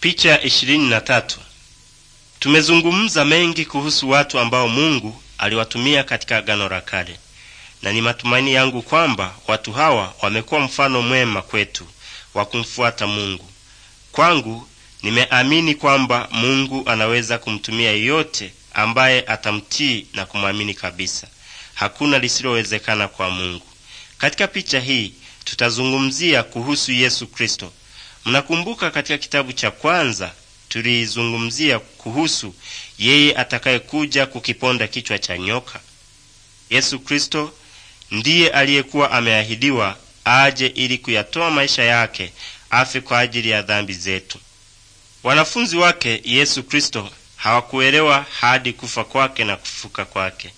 Picha ishirini na tatu. Tumezungumza mengi kuhusu watu ambao Mungu aliwatumia katika Agano la Kale, na ni matumaini yangu kwamba watu hawa wamekuwa mfano mwema kwetu wa kumfuata Mungu. Kwangu nimeamini kwamba Mungu anaweza kumtumia yeyote ambaye atamtii na kumwamini kabisa. Hakuna lisilowezekana kwa Mungu. Katika picha hii tutazungumzia kuhusu Yesu Kristo Mnakumbuka katika kitabu cha kwanza tuliizungumzia kuhusu yeye atakayekuja kukiponda kichwa cha nyoka. Yesu Kristo ndiye aliyekuwa ameahidiwa aje ili kuyatoa maisha yake afe kwa ajili ya dhambi zetu. Wanafunzi wake Yesu Kristo hawakuelewa hadi kufa kwake na kufuka kwake.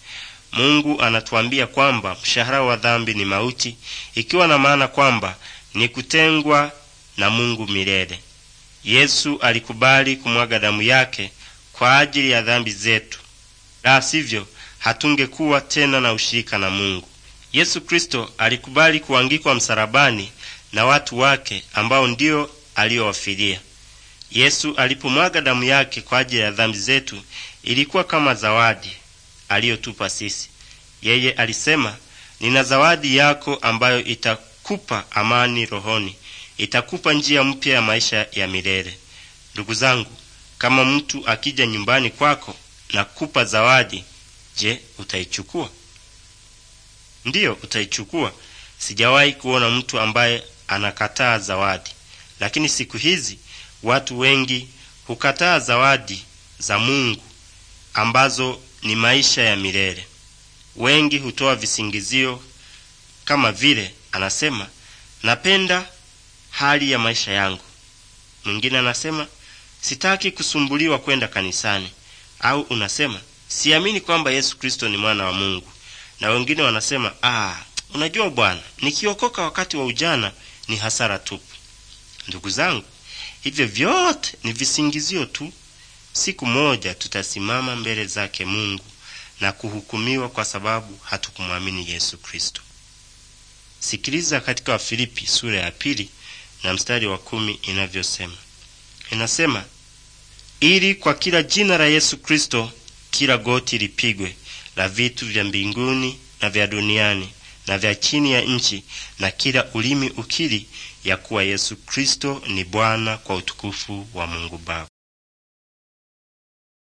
Mungu anatuambia kwamba mshahara wa dhambi ni mauti, ikiwa na maana kwamba ni kutengwa na Mungu milele. Yesu alikubali kumwaga damu yake kwa ajili ya dhambi zetu, la sivyo hatungekuwa tena na ushirika na Mungu. Yesu Kristo alikubali kuangikwa msalabani na watu wake ambao ndiyo aliyowafilia. Yesu alipomwaga damu yake kwa ajili ya dhambi zetu, ilikuwa kama zawadi aliyotupa sisi. Yeye alisema, nina zawadi yako ambayo itakupa amani rohoni itakupa njia mpya ya maisha ya milele. Ndugu zangu, kama mtu akija nyumbani kwako na kupa zawadi, je, utaichukua? Ndiyo, utaichukua. Sijawahi kuona mtu ambaye anakataa zawadi, lakini siku hizi watu wengi hukataa zawadi za Mungu ambazo ni maisha ya milele. Wengi hutoa visingizio kama vile, anasema napenda hali ya maisha yangu. Mwingine anasema sitaki kusumbuliwa kwenda kanisani, au unasema siamini kwamba Yesu Kristo ni mwana wa Mungu, na wengine wanasema ah, unajua bwana, nikiokoka wakati wa ujana ni hasara tupu. Ndugu zangu, hivyo vyote ni visingizio tu. Siku moja tutasimama mbele zake Mungu na kuhukumiwa kwa sababu hatukumwamini Yesu Kristo. Sikiliza katika Wafilipi sura ya pili na mstari wa kumi inavyosema. Inasema, ili kwa kila jina la Yesu Kristo kila goti lipigwe, la vitu vya mbinguni na vya duniani na vya chini ya nchi, na kila ulimi ukiri ya kuwa Yesu Kristo ni Bwana, kwa utukufu wa Mungu Baba.